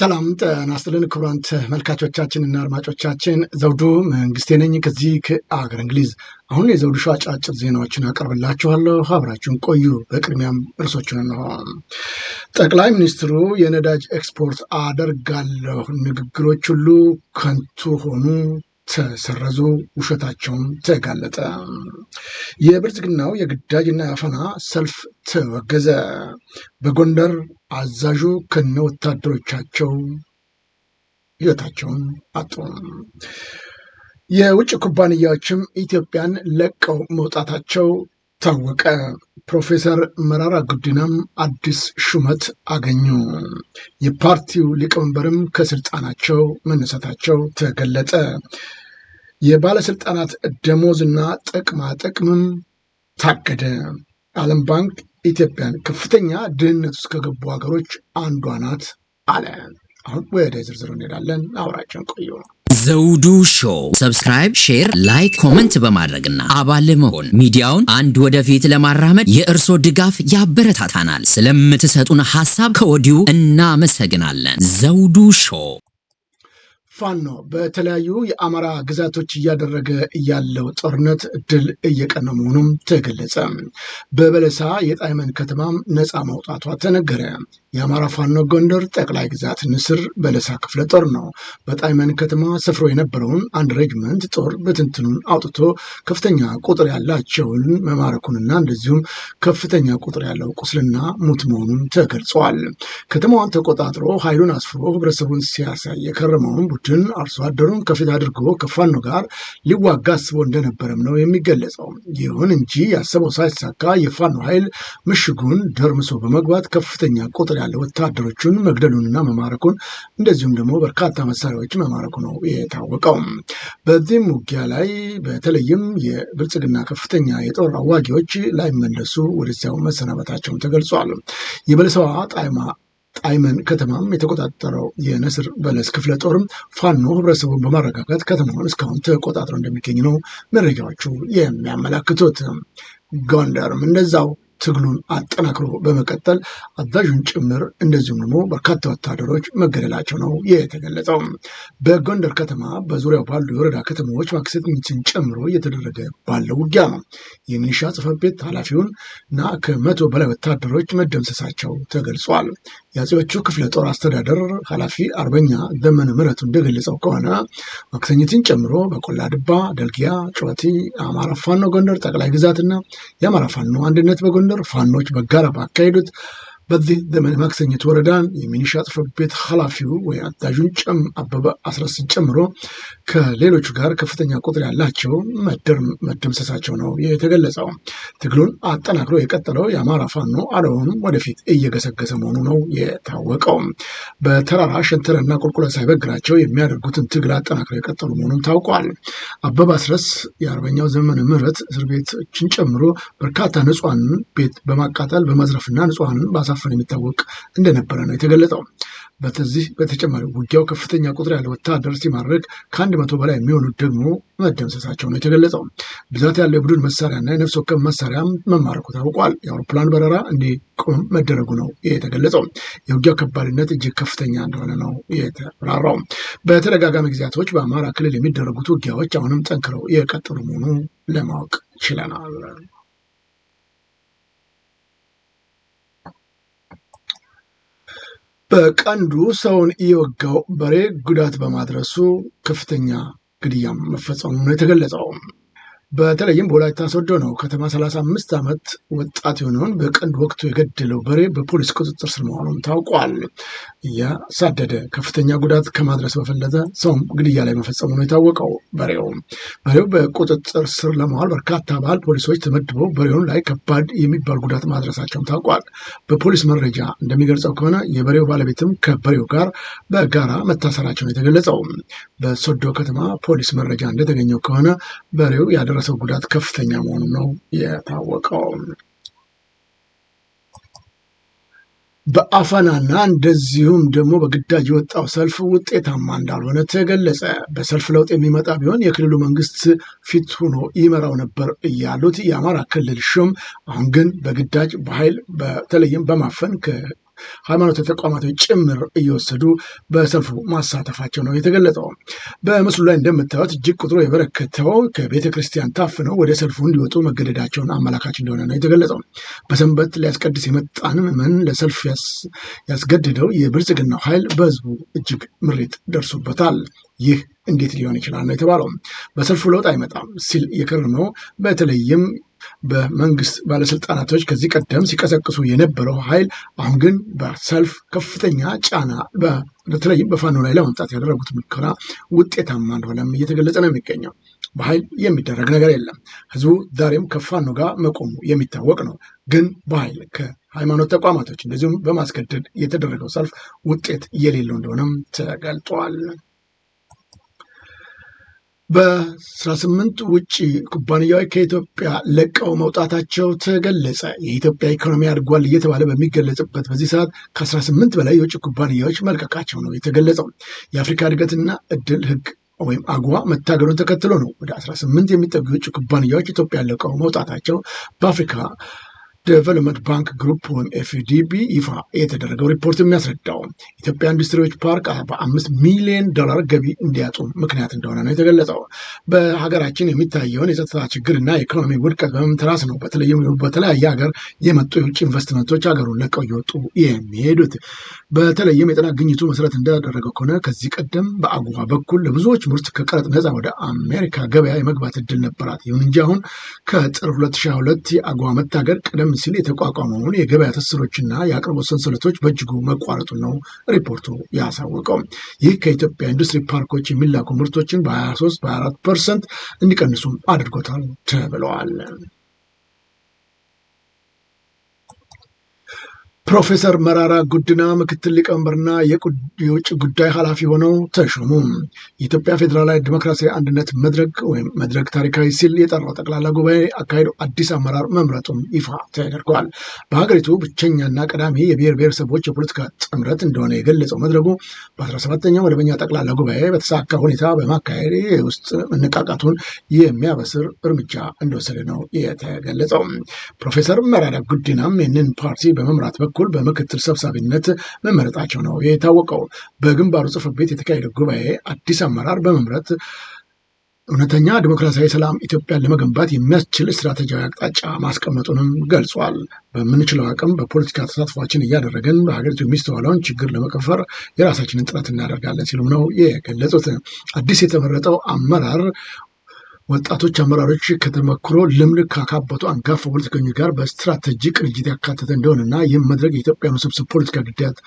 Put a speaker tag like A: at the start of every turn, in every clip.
A: ሰላም ጤና ይስጥልን ክቡራን ተመልካቾቻችንና አድማጮቻችን ዘውዱ መንግስቴ ነኝ ከዚህ ከአገር እንግሊዝ። አሁን የዘውዱ ሾው አጫጭር ዜናዎችን አቀርብላችኋለሁ፣ አብራችሁን ቆዩ። በቅድሚያም እርሶችን እንሆ። ጠቅላይ ሚኒስትሩ የነዳጅ ኤክስፖርት አደርጋለሁ ንግግሮች ሁሉ ከንቱ ሆኑ ተሰረዙ፣ ውሸታቸውን ተጋለጠ። የብልጽግናው የግዳጅና የአፈና ሰልፍ ተወገዘ። በጎንደር አዛዡ ከነ ወታደሮቻቸው ህይወታቸውን አጡ። የውጭ ኩባንያዎችም ኢትዮጵያን ለቀው መውጣታቸው ታወቀ። ፕሮፌሰር መራራ ጉዲናም አዲስ ሹመት አገኙ። የፓርቲው ሊቀመንበርም ከስልጣናቸው መነሳታቸው ተገለጠ። የባለሥልጣናት ደሞዝና ጥቅማ ጥቅምም ታገደ። ዓለም ባንክ ኢትዮጵያን ከፍተኛ ድህነት ውስጥ ከገቡ ሀገሮች አንዷ ናት አለ። አሁን ወደ ዝርዝሩ እንሄዳለን። አብራችን ቆዩ።
B: ዘውዱ ሾው ሰብስክራይብ፣ ሼር፣ ላይክ፣ ኮመንት በማድረግና አባል መሆን ሚዲያውን አንድ ወደፊት ለማራመድ የእርሶ ድጋፍ ያበረታታናል። ስለምትሰጡን ሀሳብ ከወዲሁ እናመሰግናለን። ዘውዱ ሾው
A: ፋኖ በተለያዩ የአማራ ግዛቶች እያደረገ ያለው ጦርነት ድል እየቀነ መሆኑም ተገለጸ። በበለሳ የጣይመን ከተማም ነፃ ማውጣቷ ተነገረ። የአማራ ፋኖ ጎንደር ጠቅላይ ግዛት ንስር በለሳ ክፍለ ጦር ነው በጣይመን ከተማ ሰፍሮ የነበረውን አንድ ሬጅመንት ጦር በትንትኑን አውጥቶ ከፍተኛ ቁጥር ያላቸውን መማረኩንና እንደዚሁም ከፍተኛ ቁጥር ያለው ቁስልና ሙት መሆኑን ተገልጿል። ከተማዋን ተቆጣጥሮ ኃይሉን አስፍሮ ህብረተሰቡን ሲያሳይ የከረመውን ቡድን አርሶ አደሩን ከፊት አድርጎ ከፋኖ ጋር ሊዋጋ አስቦ እንደነበረም ነው የሚገለጸው። ይሁን እንጂ ያሰበው ሳይሳካ የፋኖ ኃይል ምሽጉን ደርምሶ በመግባት ከፍተኛ ቁጥር ያለ ወታደሮቹን መግደሉንና መማረኩን እንደዚሁም ደግሞ በርካታ መሳሪያዎች መማረኩ ነው የታወቀው። በዚህም ውጊያ ላይ በተለይም የብልጽግና ከፍተኛ የጦር አዋጊዎች ላይመለሱ ወደዚያው መሰናበታቸውን ተገልጿል። የበለሰዋ ጣይማ ጣይመን ከተማም የተቆጣጠረው የንስር በለስ ክፍለ ጦርም ፋኖ ህብረተሰቡን በማረጋጋት ከተማውን እስካሁን ተቆጣጥሮ እንደሚገኝ ነው መረጃዎቹ የሚያመላክቱት። ጎንደርም እንደዛው ትግሉን አጠናክሮ በመቀጠል አዛዡን ጭምር እንደዚሁም ደግሞ በርካታ ወታደሮች መገደላቸው ነው የተገለጸው። በጎንደር ከተማ በዙሪያው ባሉ የወረዳ ከተማዎች ማክሰት ጨምሮ እየተደረገ ባለው ውጊያ ነው የሚኒሻ ጽፈት ቤት ኃላፊውን እና ከመቶ በላይ ወታደሮች መደምሰሳቸው ተገልጿል። የአጼዎቹ ክፍለ ጦር አስተዳደር ኃላፊ አርበኛ ዘመነ ምረቱ እንደገለጸው ከሆነ ማክሰኝትን ጨምሮ በቆላ ድባ፣ ደልጊያ፣ ጩኸቲ አማራ ፋኖ ጎንደር ጠቅላይ ግዛትና የአማራ ፋኖ አንድነት በጎንደር ፋኖች በጋራ ባካሄዱት በዚህ ማክሰኝት ወረዳን የሚኒሻ ጽሕፈት ቤት ኃላፊው ወይ አዛዡን ጨም አበበ አስረስ ጨምሮ ከሌሎቹ ጋር ከፍተኛ ቁጥር ያላቸው መደምሰሳቸው ነው የተገለጸው። ትግሉን አጠናክሮ የቀጠለው የአማራ ፋኖ አለሆኑም ወደፊት እየገሰገሰ መሆኑ ነው የታወቀው። በተራራ ሸንተረና ቁልቁለት ሳይበግራቸው የሚያደርጉትን ትግል አጠናክሮ የቀጠሉ መሆኑም ታውቋል። አበበ አስረስ የአርበኛው ዘመነ ምህረት እስር ቤቶችን ጨምሮ በርካታ ንጹሐንን ቤት በማቃጠል በመዝረፍና ንጹሐንን ባሳ በማፈን የሚታወቅ እንደነበረ ነው የተገለጠው። በዚህ በተጨማሪ ውጊያው ከፍተኛ ቁጥር ያለ ወታደር ሲማርክ ከአንድ መቶ በላይ የሚሆኑት ደግሞ መደምሰሳቸው ነው የተገለጸው። ብዛት ያለው የቡድን መሳሪያና የነፍስ ወከፍ መሳሪያ መማረኩ ታውቋል። የአውሮፕላን በረራ እንዲቆም መደረጉ ነው የተገለጸው። የውጊያው ከባድነት እጅግ ከፍተኛ እንደሆነ ነው የተብራራው። በተደጋጋሚ ጊዜያቶች በአማራ ክልል የሚደረጉት ውጊያዎች አሁንም ጠንክረው የቀጠሉ መሆኑ ለማወቅ ችለናል። በቀንዱ ሰውን የወጋው በሬ ጉዳት በማድረሱ ከፍተኛ ግድያም መፈጸሙ ነው የተገለጸው። በተለይም በወላይታ ሶዶ ነው ከተማ 35 ዓመት ወጣት የሆነውን በቀንድ ወቅቱ የገደለው በሬ በፖሊስ ቁጥጥር ስር መሆኑም ታውቋል። እያሳደደ ከፍተኛ ጉዳት ከማድረስ በፈለጠ ሰውም ግድያ ላይ መፈጸሙ ነው የታወቀው። በሬው በሬው በቁጥጥር ስር ለመዋል በርካታ ባህል ፖሊሶች ተመድበው በሬውን ላይ ከባድ የሚባል ጉዳት ማድረሳቸውም ታውቋል። በፖሊስ መረጃ እንደሚገልጸው ከሆነ የበሬው ባለቤትም ከበሬው ጋር በጋራ መታሰራቸው ነው የተገለጸው። በሶዶ ከተማ ፖሊስ መረጃ እንደተገኘው ከሆነ በሬው ያደረ የደረሰው ጉዳት ከፍተኛ መሆኑ ነው የታወቀው። በአፈናና እንደዚሁም ደግሞ በግዳጅ የወጣው ሰልፍ ውጤታማ እንዳልሆነ ተገለጸ። በሰልፍ ለውጥ የሚመጣ ቢሆን የክልሉ መንግስት ፊት ሆኖ ይመራው ነበር እያሉት የአማራ ክልል ሹም፣ አሁን ግን በግዳጅ በኃይል በተለይም በማፈን ሃይማኖታዊ ተቋማቶች ጭምር እየወሰዱ በሰልፉ ማሳተፋቸው ነው የተገለጠው። በምስሉ ላይ እንደምታዩት እጅግ ቁጥሩ የበረከተው ከቤተ ክርስቲያን ታፍነው ወደ ሰልፉ እንዲወጡ መገደዳቸውን አመላካች እንደሆነ ነው የተገለጠው። በሰንበት ሊያስቀድስ የመጣን ምዕመን ለሰልፍ ያስገድደው የብልጽግናው ኃይል በህዝቡ እጅግ ምሬት ደርሶበታል። ይህ እንዴት ሊሆን ይችላል ነው የተባለው። በሰልፉ ለውጥ አይመጣም ሲል የከረመው በተለይም በመንግስት ባለስልጣናቶች ከዚህ ቀደም ሲቀሰቅሱ የነበረው ኃይል አሁን ግን በሰልፍ ከፍተኛ ጫና በተለይም በፋኖ ላይ ለማምጣት ያደረጉት ሙከራ ውጤታማ እንደሆነም እየተገለጸ ነው የሚገኘው። በኃይል የሚደረግ ነገር የለም። ህዝቡ ዛሬም ከፋኖ ጋር መቆሙ የሚታወቅ ነው። ግን በኃይል ከሃይማኖት ተቋማቶች እንደዚሁም በማስገደድ የተደረገው ሰልፍ ውጤት የሌለው እንደሆነም ተገልጧል። በ18 ውጭ ኩባንያዎች ከኢትዮጵያ ለቀው መውጣታቸው ተገለጸ። የኢትዮጵያ ኢኮኖሚ አድጓል እየተባለ በሚገለጽበት በዚህ ሰዓት ከ18 በላይ የውጭ ኩባንያዎች መልቀቃቸው ነው የተገለጸው። የአፍሪካ እድገትና እድል ህግ ወይም አግዋ መታገዱን ተከትሎ ነው ወደ 18 የሚጠጉ የውጭ ኩባንያዎች ኢትዮጵያ ለቀው መውጣታቸው በአፍሪካ ዴቨሎፕመንት ባንክ ግሩፕ ወይም ኤፍዲቢ ይፋ የተደረገው ሪፖርት የሚያስረዳው ኢትዮጵያ ኢንዱስትሪዎች ፓርክ አርባ ሚሊዮን ዶላር ገቢ እንዲያጡ ምክንያት እንደሆነ ነው የተገለጸው። በሀገራችን የሚታየውን የጸጥታ ችግርና የኢኮኖሚ ውድቀት በመምትራስ ነው በተለይም በተለያየ ሀገር የመጡ የውጭ ኢንቨስትመንቶች ሀገሩን ለቀው እየወጡ የሚሄዱት። በተለይም የጥናት ግኝቱ መሰረት እንዳደረገው ከሆነ ከዚህ ቀደም በአጉዋ በኩል ለብዙዎች ምርት ከቀረጥ ነፃ ወደ አሜሪካ ገበያ የመግባት እድል ነበራት። ይሁን እንጂ አሁን ከጥር 2022 የአጉዋ መታገድ ቀደም ቀደም ሲል የተቋቋመውን የገበያ ትስስሮችና የአቅርቦት ሰንሰለቶች በእጅጉ መቋረጡ ነው ሪፖርቱ ያሳወቀው። ይህ ከኢትዮጵያ ኢንዱስትሪ ፓርኮች የሚላኩ ምርቶችን በ23 በ24 ፐርሰንት እንዲቀንሱም አድርጎታል ተብለዋል። ፕሮፌሰር መራራ ጉድና ምክትል ሊቀመንበርና የውጭ ጉዳይ ኃላፊ ሆነው ተሾሙ። የኢትዮጵያ ፌዴራላዊ ዲሞክራሲያዊ አንድነት መድረክ ወይም መድረክ ታሪካዊ ሲል የጠራው ጠቅላላ ጉባኤ አካሄዱ አዲስ አመራር መምረጡም ይፋ ተደርገዋል። በሀገሪቱ ብቸኛና ቀዳሚ የብሔር ብሔረሰቦች የፖለቲካ ጥምረት እንደሆነ የገለጸው መድረኩ በ17ኛው መደበኛ ጠቅላላ ጉባኤ በተሳካ ሁኔታ በማካሄድ የውስጥ መነቃቃቱን የሚያበስር እርምጃ እንደወሰደ ነው የተገለጸው። ፕሮፌሰር መራራ ጉድናም ይህንን ፓርቲ በመምራት በኩል በኩል በምክትል ሰብሳቢነት መመረጣቸው ነው የታወቀው። በግንባሩ ጽሕፈት ቤት የተካሄደው ጉባኤ አዲስ አመራር በመምረጥ እውነተኛ ዲሞክራሲያዊ ሰላም ኢትዮጵያን ለመገንባት የሚያስችል ስትራቴጂያዊ አቅጣጫ ማስቀመጡንም ገልጿል። በምንችለው አቅም በፖለቲካ ተሳትፏችን እያደረግን በሀገሪቱ የሚስተዋለውን ችግር ለመቀፈር የራሳችንን ጥረት እናደርጋለን ሲሉም ነው የገለጹት። አዲስ የተመረጠው አመራር ወጣቶች አመራሮች ከተመክሮ ልምድ ካካበቱ አንጋፋ ፖለቲከኞች ጋር በስትራቴጂ ቅንጅት ያካተተ እንደሆነና ይህም መድረክ የኢትዮጵያን ውስብስብ ፖለቲካ ግዳያት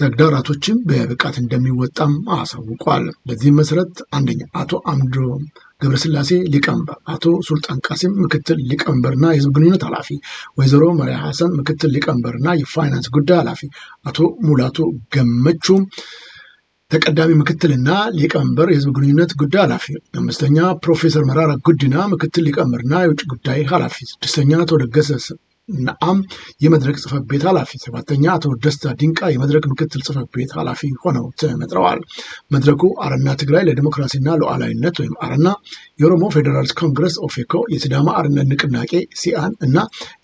A: ተግዳራቶችን በብቃት እንደሚወጣም አሳውቋል። በዚህም መሰረት አንደኛ አቶ አምዶ ገብረስላሴ ሊቀመንበር፣ አቶ ሱልጣን ቃሲም ምክትል ሊቀመንበርና የህዝብ ግንኙነት ኃላፊ፣ ወይዘሮ መሪያ ሀሰን ምክትል ሊቀመንበርና የፋይናንስ ጉዳይ ኃላፊ፣ አቶ ሙላቱ ገመቹ ተቀዳሚ ምክትልና ሊቀመንበር የህዝብ ግንኙነት ጉዳይ ኃላፊ፣ አምስተኛ ፕሮፌሰር መራራ ጉዲና ምክትል ሊቀመንበርና የውጭ ጉዳይ ኃላፊ፣ ስድስተኛ አቶ ለገሰ ነአም የመድረክ ጽህፈት ቤት ኃላፊ፣ ሰባተኛ አቶ ደስታ ዲንቃ የመድረክ ምክትል ጽህፈት ቤት ኃላፊ ሆነው ተመጥረዋል። መድረኩ አረና ትግራይ ለዲሞክራሲና ሉዓላዊነት ወይም አረና፣ የኦሮሞ ፌዴራልስ ኮንግረስ ኦፌኮ፣ የሲዳማ አርነት ንቅናቄ ሲአን እና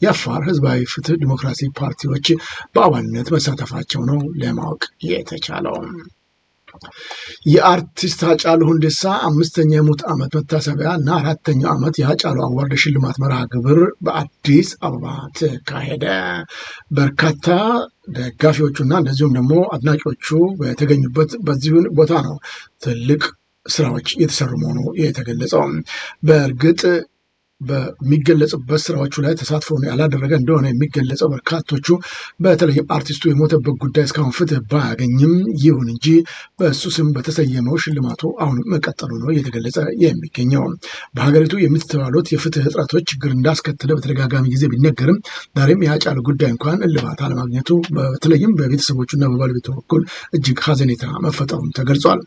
A: የአፋር ህዝባዊ ፍትህ ዲሞክራሲ ፓርቲዎች በአባልነት መሳተፋቸው ነው ለማወቅ የተቻለው። የአርቲስት ሀጫሉ ሁንዴሳ አምስተኛ የሞት ዓመት መታሰቢያ እና አራተኛው ዓመት የሀጫሉ አዋርድ ሽልማት መርሃ ግብር በአዲስ አበባ ተካሄደ። በርካታ ደጋፊዎቹና እንደዚሁም ደግሞ አድናቂዎቹ በተገኙበት በዚሁን ቦታ ነው ትልቅ ስራዎች የተሰሩ መሆኑ የተገለጸው በእርግጥ በሚገለጽበት ስራዎቹ ላይ ተሳትፎ ያላደረገ እንደሆነ የሚገለጸው በርካቶቹ በተለይም አርቲስቱ የሞተበት ጉዳይ እስካሁን ፍትህ ባያገኝም ይሁን እንጂ በእሱ ስም በተሰየመው ሽልማቱ አሁንም መቀጠሉ ነው እየተገለጸ የሚገኘው። በሀገሪቱ የምትተባሉት የፍትህ እጥረቶች ችግር እንዳስከተለ በተደጋጋሚ ጊዜ ቢነገርም ዛሬም የአጫሉ ጉዳይ እንኳን እልባት አለማግኘቱ በተለይም በቤተሰቦቹና በባለቤቱ በኩል እጅግ ሀዘኔታ መፈጠሩም ተገልጿል።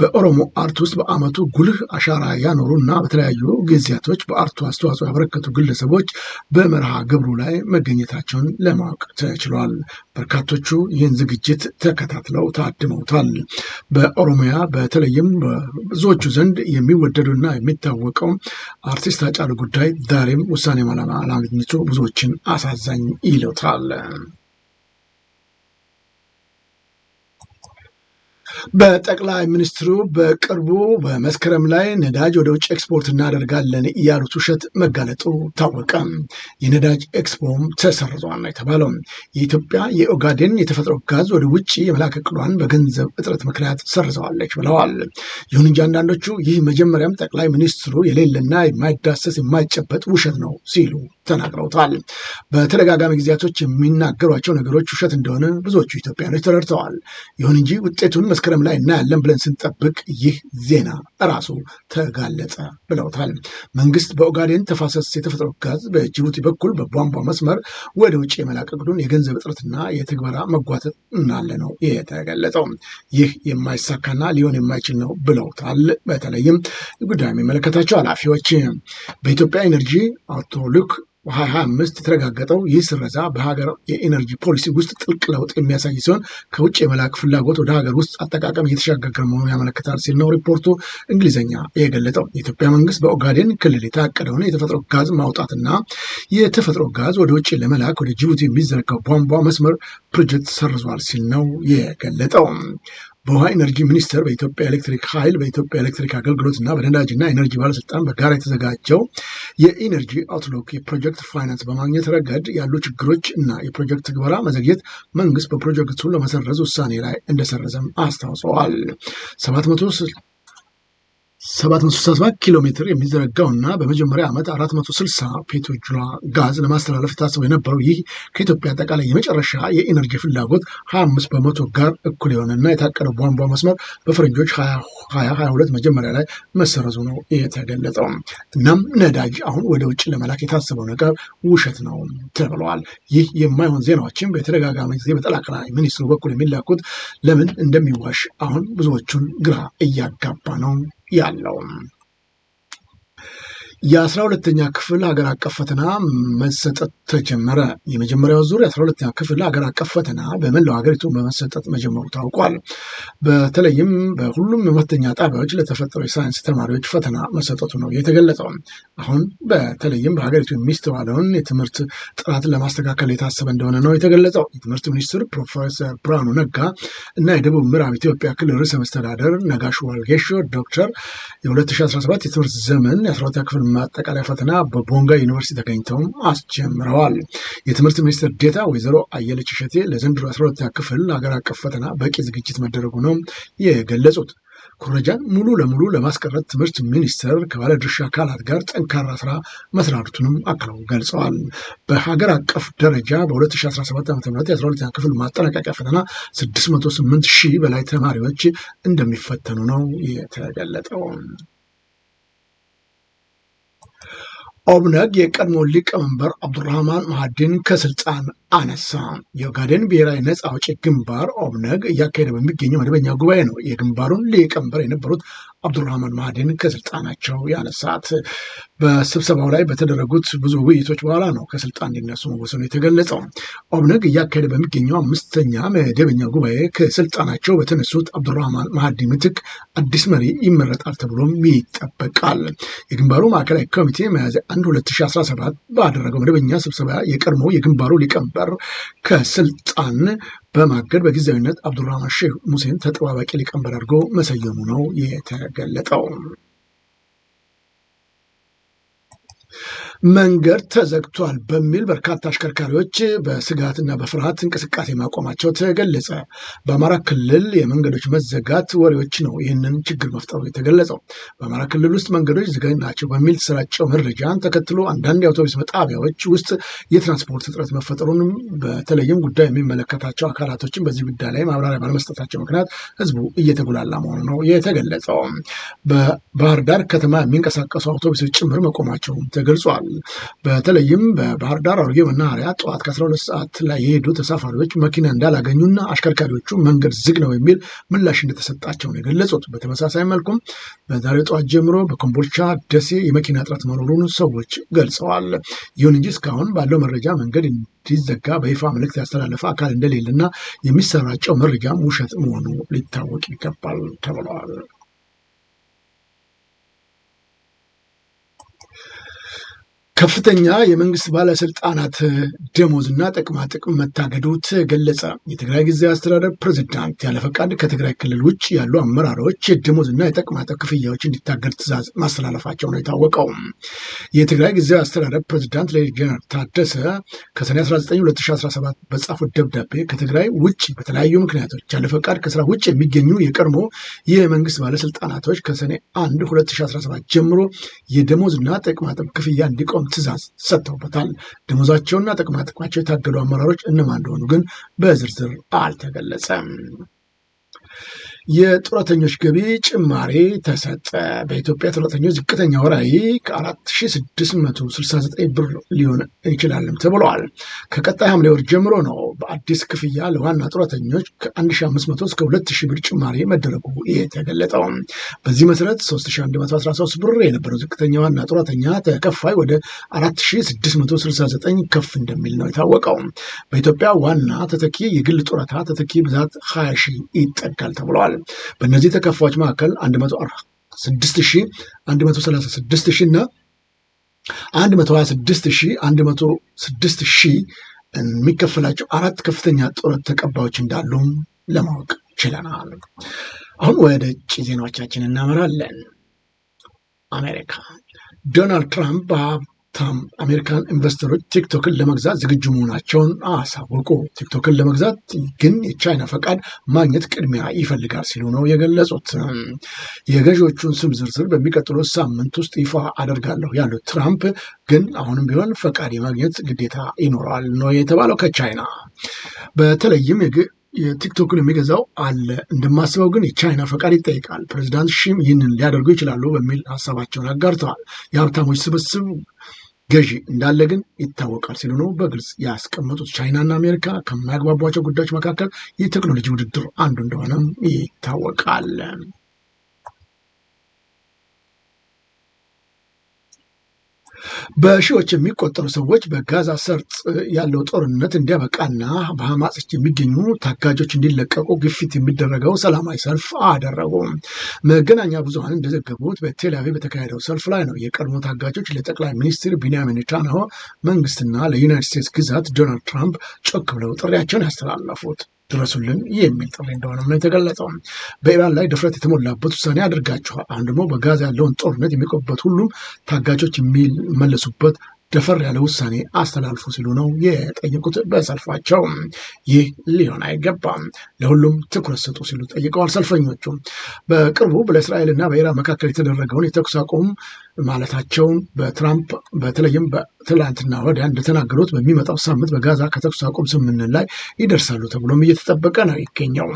A: በኦሮሞ አርት ውስጥ በአመቱ ጉልህ አሻራ ያኖሩ እና በተለያዩ ጊዜያቶች በአርቱ አስተዋጽኦ ያበረከቱ ግለሰቦች በመርሃ ግብሩ ላይ መገኘታቸውን ለማወቅ ተችሏል። በርካቶቹ ይህን ዝግጅት ተከታትለው ታድመውታል። በኦሮሚያ በተለይም ብዙዎቹ ዘንድ የሚወደዱና የሚታወቀው አርቲስት አጫሉ ጉዳይ ዛሬም ውሳኔ ማላማላኝቱ ብዙዎችን አሳዛኝ ይለውታል። በጠቅላይ ሚኒስትሩ በቅርቡ በመስከረም ላይ ነዳጅ ወደ ውጭ ኤክስፖርት እናደርጋለን እያሉት ውሸት መጋለጡ ታወቀ። የነዳጅ ኤክስፖም ተሰርዟል የተባለው የኢትዮጵያ የኦጋዴን የተፈጥሮ ጋዝ ወደ ውጭ የመላክ ዕቅዷን በገንዘብ እጥረት ምክንያት ሰርዘዋለች ብለዋል። ይሁን እንጂ አንዳንዶቹ ይህ መጀመሪያም ጠቅላይ ሚኒስትሩ የሌለና የማይዳሰስ የማይጨበጥ ውሸት ነው ሲሉ ተናግረውታል። በተደጋጋሚ ጊዜያቶች የሚናገሯቸው ነገሮች ውሸት እንደሆነ ብዙዎቹ ኢትዮጵያኖች ተረድተዋል። ይሁን እንጂ ውጤቱን መስከረም ላይ እናያለን ብለን ስንጠብቅ ይህ ዜና ራሱ ተጋለጸ ብለውታል። መንግስት በኦጋዴን ተፋሰስ የተፈጥሮ ጋዝ በጅቡቲ በኩል በቧንቧ መስመር ወደ ውጭ የመላክ እቅዱን የገንዘብ እጥረትና የትግበራ መጓተት እናለ ነው የተገለጸው። ይህ የማይሳካና ሊሆን የማይችል ነው ብለውታል። በተለይም ጉዳዩ የሚመለከታቸው ኃላፊዎች በኢትዮጵያ ኤነርጂ ሉክ 2025 የተረጋገጠው ይህ ስረዛ በሀገር የኢነርጂ ፖሊሲ ውስጥ ጥልቅ ለውጥ የሚያሳይ ሲሆን ከውጭ የመላክ ፍላጎት ወደ ሀገር ውስጥ አጠቃቀም እየተሸጋገረ መሆኑን ያመለክታል ሲል ነው ሪፖርቱ እንግሊዝኛ የገለጠው። የኢትዮጵያ መንግስት በኦጋዴን ክልል የታቀደውን የተፈጥሮ ጋዝ ማውጣትና የተፈጥሮ ጋዝ ወደ ውጭ ለመላክ ወደ ጅቡቲ የሚዘረጋው ቧንቧ መስመር ፕሮጀክት ሰርዟል ሲል ነው የገለጠው። በውሃ ኢነርጂ ሚኒስቴር በኢትዮጵያ ኤሌክትሪክ ኃይል በኢትዮጵያ ኤሌክትሪክ አገልግሎት እና በነዳጅ እና ኤነርጂ ባለስልጣን በጋራ የተዘጋጀው የኢነርጂ አውትሎክ የፕሮጀክት ፋይናንስ በማግኘት ረገድ ያሉ ችግሮች እና የፕሮጀክት ትግበራ መዘግየት መንግስት በፕሮጀክቱ ለመሰረዝ ውሳኔ ላይ እንደሰረዘም አስታውሰዋል። 767 ኪሎ ሜትር የሚዘረጋው እና በመጀመሪያ ዓመት 460 ፔትሮጁላ ጋዝ ለማስተላለፍ የታሰበው የነበረው ይህ ከኢትዮጵያ አጠቃላይ የመጨረሻ የኢነርጂ ፍላጎት 25 በመቶ ጋር እኩል የሆነ እና የታቀደው ቧንቧ መስመር በፈረንጆች 2022 መጀመሪያ ላይ መሰረዙ ነው የተገለጠው። እናም ነዳጅ አሁን ወደ ውጭ ለመላክ የታሰበው ነገር ውሸት ነው ተብለዋል። ይህ የማይሆን ዜናዎችን በተደጋጋሚ ጊዜ በጠቅላይ ሚኒስትሩ በኩል የሚላኩት ለምን እንደሚዋሽ አሁን ብዙዎቹን ግራ እያጋባ ነው 人龙。የአስራ ሁለተኛ ክፍል ሀገር አቀፍ ፈተና መሰጠት ተጀመረ። የመጀመሪያው ዙር የአስራ ሁለተኛ ክፍል ሀገር አቀፍ ፈተና በመላው ሀገሪቱ በመሰጠት መጀመሩ ታውቋል። በተለይም በሁሉም የመተኛ ጣቢያዎች ለተፈጠሩ የሳይንስ ተማሪዎች ፈተና መሰጠቱ ነው የተገለጸው። አሁን በተለይም በሀገሪቱ የሚስተዋለውን የትምህርት ጥራት ለማስተካከል የታሰበ እንደሆነ ነው የተገለጸው። የትምህርት ሚኒስትር ፕሮፌሰር ብርሃኑ ነጋ እና የደቡብ ምዕራብ ኢትዮጵያ ክልል ርዕሰ መስተዳደር ነጋሽ ዋልጌሾ ዶክተር የ2017 የትምህርት ዘመን የ 12 ክፍል ማጠቃለያ ፈተና በቦንጋ ዩኒቨርሲቲ ተገኝተውም አስጀምረዋል። የትምህርት ሚኒስትር ዴታ ወይዘሮ አየለች እሸቴ ለዘንድሮ 12 ክፍል ሀገር አቀፍ ፈተና በቂ ዝግጅት መደረጉ ነው የገለጹት። ኩረጃን ሙሉ ለሙሉ ለማስቀረት ትምህርት ሚኒስቴር ከባለድርሻ አካላት ጋር ጠንካራ ስራ መስራቱንም አክለው ገልጸዋል። በሀገር አቀፍ ደረጃ በ2017 ዓ ም የ12ኛ ክፍል ማጠናቀቂያ ፈተና 608 ሺህ በላይ ተማሪዎች እንደሚፈተኑ ነው የተገለጠው። ኦብነግ የቀድሞ ሊቀመንበር አብዱራህማን ማህዲን ከስልጣን አነሳ። የኦጋዴን ብሔራዊ ነፃ አውጪ ግንባር ኦብነግ እያካሄደ በሚገኘው መደበኛ ጉባኤ ነው የግንባሩን ሊቀመንበር የነበሩት አብዱራህማን ማህዲን ከስልጣናቸው ያነሳት በስብሰባው ላይ በተደረጉት ብዙ ውይይቶች በኋላ ነው ከስልጣን እንዲነሱ መወሰኑ የተገለጸው። ኦብነግ እያካሄደ በሚገኘው አምስተኛ መደበኛ ጉባኤ ከስልጣናቸው በተነሱት አብዱራህማን ማህዲ ምትክ አዲስ መሪ ይመረጣል ተብሎም ይጠበቃል። የግንባሩ ማዕከላዊ ኮሚቴ ሚያዝያ 1 2017 ባደረገው መደበኛ ስብሰባ የቀድሞ የግንባሩ ሊቀመንበር ከስልጣን በማገድ በጊዜያዊነት አብዱራህማን ሼህ ሙሴን ተጠባባቂ ሊቀመንበር አድርጎ መሰየሙ ነው የተገለጠው። መንገድ ተዘግቷል በሚል በርካታ አሽከርካሪዎች በስጋትና በፍርሃት እንቅስቃሴ ማቆማቸው ተገለጸ። በአማራ ክልል የመንገዶች መዘጋት ወሬዎች ነው ይህንን ችግር መፍጠሩ የተገለጸው። በአማራ ክልል ውስጥ መንገዶች ዝግ ናቸው በሚል ተሰራጨው መረጃን ተከትሎ አንዳንድ የአውቶቡስ መጣቢያዎች ውስጥ የትራንስፖርት እጥረት መፈጠሩንም በተለይም ጉዳይ የሚመለከታቸው አካላቶችን በዚህ ጉዳይ ላይ ማብራሪያ ባለመስጠታቸው ምክንያት ህዝቡ እየተጉላላ መሆኑ ነው የተገለጸው። በባህር ዳር ከተማ የሚንቀሳቀሱ አውቶቡሶች ጭምር መቆማቸውም ተገልጿል። በተለይም በባህር ዳር አሮጌ መናኸሪያ ጠዋት ከ12 ሰዓት ላይ የሄዱ ተሳፋሪዎች መኪና እንዳላገኙና አሽከርካሪዎቹ መንገድ ዝግ ነው የሚል ምላሽ እንደተሰጣቸው ነው የገለጹት። በተመሳሳይ መልኩም በዛሬ ጠዋት ጀምሮ በኮምቦልቻ ደሴ የመኪና እጥረት መኖሩን ሰዎች ገልጸዋል። ይሁን እንጂ እስካሁን ባለው መረጃ መንገድ እንዲዘጋ በይፋ መልእክት ያስተላለፈ አካል እንደሌለና የሚሰራጨው መረጃም ውሸት መሆኑ ሊታወቅ ይገባል ተብለዋል። ከፍተኛ የመንግስት ባለስልጣናት ደሞዝና ጥቅማ ጥቅም መታገዱ ተገለጸ። የትግራይ ጊዜያዊ አስተዳደር ፕሬዝዳንት ያለፈቃድ ከትግራይ ክልል ውጭ ያሉ አመራሮች ደሞዝና የጥቅማ ጥቅም ክፍያዎች እንዲታገድ ትዕዛዝ ማስተላለፋቸው ነው የታወቀው። የትግራይ ጊዜያዊ አስተዳደር ፕሬዝዳንት ጄኔራል ታደሰ ከሰኔ 19 2017 በጻፉት ደብዳቤ ከትግራይ ውጭ በተለያዩ ምክንያቶች ያለፈቃድ ከስራ ውጭ የሚገኙ የቀድሞ የመንግስት ባለስልጣናቶች ከሰኔ 1 2017 ጀምሮ የደሞዝና ጥቅማ ጥቅም ክፍያ እንዲቆም ትዛዝ ሰጥተውበታል። ደሞዛቸውና ጥቅማጥቅማቸው የታገዱ አመራሮች እነማን እንደሆኑ ግን በዝርዝር አልተገለጸም። የጡረተኞች ገቢ ጭማሪ ተሰጠ። በኢትዮጵያ ጡረተኞች ዝቅተኛ ወራዊ ከ4669 ብር ሊሆን ይችላልም ተብለዋል። ከቀጣይ ሐምሌ ወር ጀምሮ ነው በአዲስ ክፍያ ለዋና ጡረተኞች ከ1500 እስከ 2000 ብር ጭማሪ መደረጉ የተገለጠው። በዚህ መሰረት 3113 ብር የነበረው ዝቅተኛ ዋና ጡረተኛ ተከፋይ ወደ 4669 ከፍ እንደሚል ነው የታወቀው። በኢትዮጵያ ዋና ተተኪ የግል ጡረታ ተተኪ ብዛት 20 ሺህ ይጠጋል ተብለዋል። ተገኝተዋል። በእነዚህ ተከፋዮች መካከል 136 ና እና 126 ሺህ የሚከፈላቸው አራት ከፍተኛ ጡረታ ተቀባዮች እንዳሉም ለማወቅ ችለናል። አሁን ወደ ውጭ ዜናዎቻችን እናመራለን። አሜሪካ ዶናልድ ትራምፕ ትራምፕ አሜሪካን ኢንቨስተሮች ቲክቶክን ለመግዛት ዝግጁ መሆናቸውን አሳወቁ። ቲክቶክን ለመግዛት ግን የቻይና ፈቃድ ማግኘት ቅድሚያ ይፈልጋል ሲሉ ነው የገለጹት። የገዢዎቹን ስም ዝርዝር በሚቀጥሉት ሳምንት ውስጥ ይፋ አደርጋለሁ ያሉት ትራምፕ ግን አሁንም ቢሆን ፈቃድ የማግኘት ግዴታ ይኖረዋል ነው የተባለው ከቻይና በተለይም የቲክቶክን የሚገዛው አለ። እንደማስበው ግን የቻይና ፈቃድ ይጠይቃል። ፕሬዚዳንት ሺም ይህንን ሊያደርጉ ይችላሉ በሚል ሀሳባቸውን አጋርተዋል። የሀብታሞች ስብስብ ገዢ እንዳለ ግን ይታወቃል ሲሉ ነው በግልጽ ያስቀመጡት። ቻይናና አሜሪካ ከማያግባቧቸው ጉዳዮች መካከል የቴክኖሎጂ ውድድር አንዱ እንደሆነም ይታወቃል። በሺዎች የሚቆጠሩ ሰዎች በጋዛ ሰርጥ ያለው ጦርነት እንዲያበቃና በሐማስ የሚገኙ ታጋጆች እንዲለቀቁ ግፊት የሚደረገው ሰላማዊ ሰልፍ አደረጉ። መገናኛ ብዙሃን እንደዘገቡት በቴልአቪቭ በተካሄደው ሰልፍ ላይ ነው የቀድሞ ታጋጆች ለጠቅላይ ሚኒስትር ቢንያሚን ኔታንያሁ መንግስትና ለዩናይትድ ስቴትስ ግዛት ዶናልድ ትራምፕ ጮክ ብለው ጥሪያቸውን ያስተላለፉት። ድረሱልን የሚል ጥሪ እንደሆነ ነው የተገለጸው። በኢራን ላይ ድፍረት የተሞላበት ውሳኔ አድርጋችኋል። አሁን ደግሞ በጋዛ ያለውን ጦርነት የሚቆበት ሁሉም ታጋቾች የሚመለሱበት ደፈር ያለ ውሳኔ አስተላልፉ ሲሉ ነው የጠየቁት በሰልፋቸው። ይህ ሊሆን አይገባም፣ ለሁሉም ትኩረት ስጡ ሲሉ ጠይቀዋል። ሰልፈኞቹ በቅርቡ በእስራኤልና በኢራን መካከል የተደረገውን የተኩስ አቁም ማለታቸውን በትራምፕ በተለይም በትላንትና ወዲያ እንደተናገሩት በሚመጣው ሳምንት በጋዛ ከተኩስ አቁም ስምምነት ላይ ይደርሳሉ ተብሎም እየተጠበቀ ነው ይገኘው።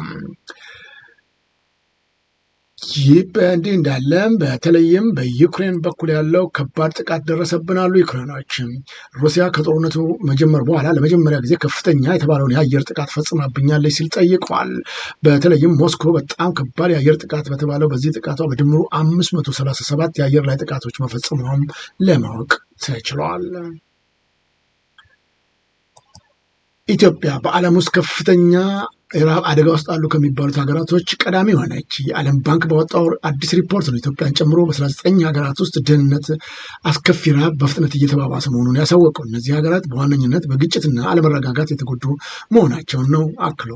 A: ይህ በእንዲህ እንዳለም በተለይም በዩክሬን በኩል ያለው ከባድ ጥቃት ደረሰብን አሉ ዩክሬኖች። ሩሲያ ከጦርነቱ መጀመር በኋላ ለመጀመሪያ ጊዜ ከፍተኛ የተባለውን የአየር ጥቃት ፈጽማብኛለች ሲል ጠይቋል። በተለይም ሞስኮ በጣም ከባድ የአየር ጥቃት በተባለው በዚህ ጥቃቷ በድምሩ 537 የአየር ላይ ጥቃቶች መፈጸሟም ለማወቅ ተችሏል። ኢትዮጵያ በዓለም ውስጥ ከፍተኛ ምዕራብ አደጋ ውስጥ አሉ ከሚባሉት ሀገራቶች ቀዳሚ ሆነች። የዓለም ባንክ ባወጣው አዲስ ሪፖርት ነው ኢትዮጵያን ጨምሮ በ19 ሀገራት ውስጥ ደህንነት አስከፊ ራብ በፍጥነት እየተባባሰ መሆኑን ያሳወቀው እነዚህ ሀገራት በዋነኝነት በግጭትና አለመረጋጋት የተጎዱ መሆናቸውን ነው አክሎ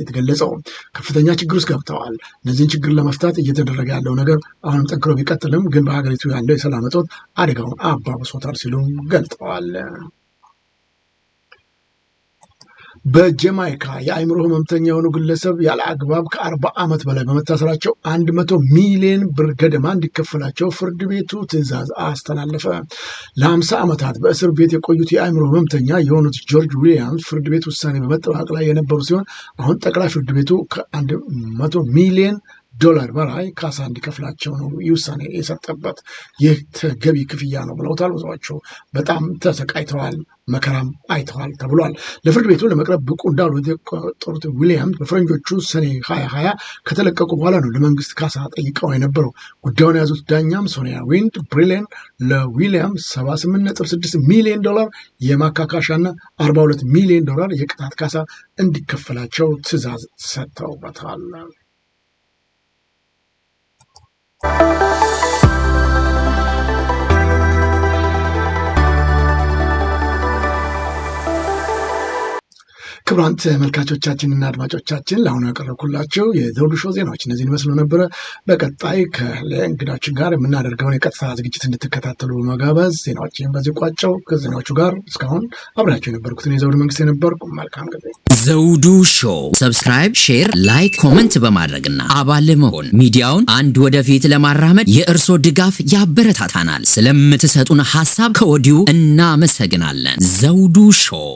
A: የተገለጸው። ከፍተኛ ችግር ውስጥ ገብተዋል። እነዚህን ችግር ለመፍታት እየተደረገ ያለው ነገር አሁንም ጠንክሮ ቢቀጥልም ግን በሀገሪቱ ያለው የሰላም እጦት አደጋውን አባብሶታል ሲሉ ገልጠዋል። በጀማይካ የአይምሮ ህመምተኛ የሆኑ ግለሰብ ያለ አግባብ ከአርባ ዓመት በላይ በመታሰራቸው አንድ መቶ ሚሊዮን ብር ገደማ እንዲከፈላቸው ፍርድ ቤቱ ትዕዛዝ አስተላለፈ። ለአምሳ ዓመታት በእስር ቤት የቆዩት የአይምሮ ህመምተኛ የሆኑት ጆርጅ ዊሊያምስ ፍርድ ቤት ውሳኔ በመጠባበቅ ላይ የነበሩ ሲሆን አሁን ጠቅላይ ፍርድ ቤቱ ከአንድ መቶ ሚሊዮን ዶላር በላይ ካሳ እንዲከፍላቸው ነው ውሳኔ የሰጠበት። ይህ ተገቢ ክፍያ ነው ብለውታል። ብዙዎቹ በጣም ተሰቃይተዋል፣ መከራም አይተዋል ተብሏል። ለፍርድ ቤቱ ለመቅረብ ብቁ እንዳሉ የተቆጠሩት ዊሊያም በፈረንጆቹ ሰኔ ሀያ ሀያ ከተለቀቁ በኋላ ነው ለመንግስት ካሳ ጠይቀው የነበረው። ጉዳዩን የያዙት ዳኛም ሶኒያ ዊንድ ብሪሌን ለዊሊያምስ 78.6 ሚሊዮን ዶላር የማካካሻና 42 ሚሊዮን ዶላር የቅጣት ካሳ እንዲከፈላቸው ትእዛዝ ሰጥተውበታል። ክቡራን ተመልካቾቻችንና አድማጮቻችን ለአሁኑ ያቀረብኩላቸው የዘውዱ ሾው ዜናዎች እነዚህን ይመስሉ ነበረ። በቀጣይ ከእንግዳችን ጋር የምናደርገውን የቀጥታ ዝግጅት እንድትከታተሉ መጋበዝ ዜናዎችን በዚህ ቋጨው። ከዜናዎቹ ጋር እስካሁን አብሬያቸው የነበርኩትን የዘውዱ መንግስት የነበርኩ መልካም ጊዜ
B: ዘውዱ ሾው ሰብስክራይብ፣ ሼር፣ ላይክ፣ ኮመንት በማድረግና አባል መሆን ሚዲያውን አንድ ወደፊት ለማራመድ የእርሶ ድጋፍ ያበረታታናል። ስለምትሰጡን ሀሳብ ከወዲሁ እናመሰግናለን። ዘውዱ ሾው